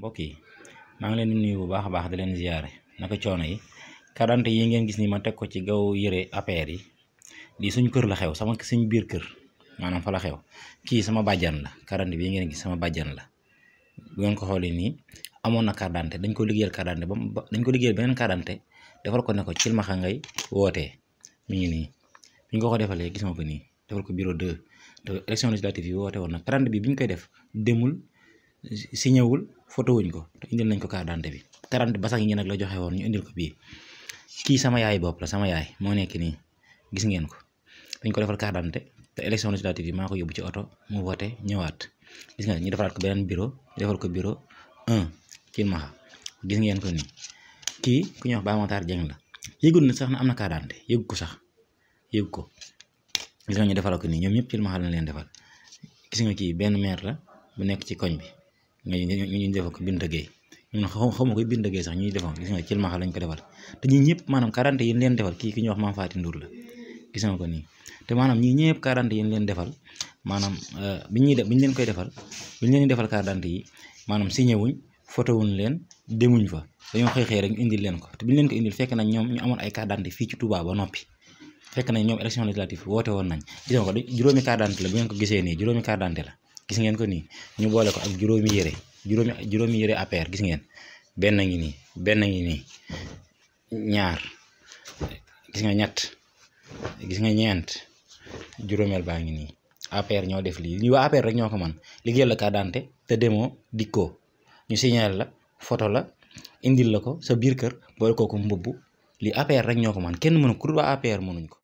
mbokk yi maa ngi leen di nuyu bu baax a baax di leen ziyaare naka coono yi carte yi ngeen gis ni ma teg ko ci gaw yëre APR yi lii suñ kër la xew sama suñ biir kër maanaam fa la xew kii sama bàjjan la carte bii ngeen gis sama bàjjan la bu ngeen ko xoolee nii amoon na carte dañ ko liggéeyal carte ba dañ ko liggéeyal beneen carte defal ko ne ko cilmaxa ngay wootee mu ngi nii bi ñu ko ko defalee gis ma ko nii defal ko bureau 2 te élection bi bi ñu koy def signé wul photo wuñ ko te nañ ko carte d'identité bi carte d'identité basax yi nag la joxe ñu indil ko bii kii sama yaay bopp la sama yaay moo nekk nii gis ngeen ko dañ ko defal carte te élection législative yi maa ko yóbbu ci oto mu voté ñëwaat gis ngeen ñu defaraat ko beneen bureau defal ko bureau 1 ci maxa gis ngeen ko nii kii ku ñuy wax Ba Matar Dieng la yëgul na sax na am na carte d'identité ko sax yëgu ko gis nga ñu defal ko nii ñoom ñëpp la leen defal gis nga benn maire la bu nekk ci koñ bi ñu ñu def ko Binta Gueye ñun xawma koy lañ ko defal te ñi ñëpp maanaam quarante yi leen gis nga ko nii te maanaam ñi ñëpp quarante yi leen defal maanaam euh, bi ñu leen koy defal bi ñu leen defal quarante yi maanaam signé wuñ photo wuñ leen demuñ fa dañoo xëy xëy rek ñu indil leen ko te ñu leen ko indil fekk na ñoom ñu amoon ay quarante fii ci Touba ba noppi fekk nañ ñoom élection législative woote woon nañ gis nga ko juróomi quarante la bi ngeen ko gisee nii juróomi quarante la gis ngeen ko nii ñu boole ko ak juróomi yére juróomi juróomi yére APR gis ngeen benn ngi nii benn ngi ñaar gis nga ñett gis nga ñeent juróomeel baa ngi nii APR ñoo def lii ñu waa APR rek ñoo ko man liggéeyal la carte d'identité te demoo dikkoo ñu signalé la photo la indil la ko sa biir kër ko ko mbubb lii APR rek ñoo ko man kenn mënu ko ku dul waa APR mënuñ ko